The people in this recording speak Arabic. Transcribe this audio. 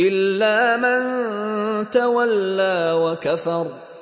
إلا من تولى وكفر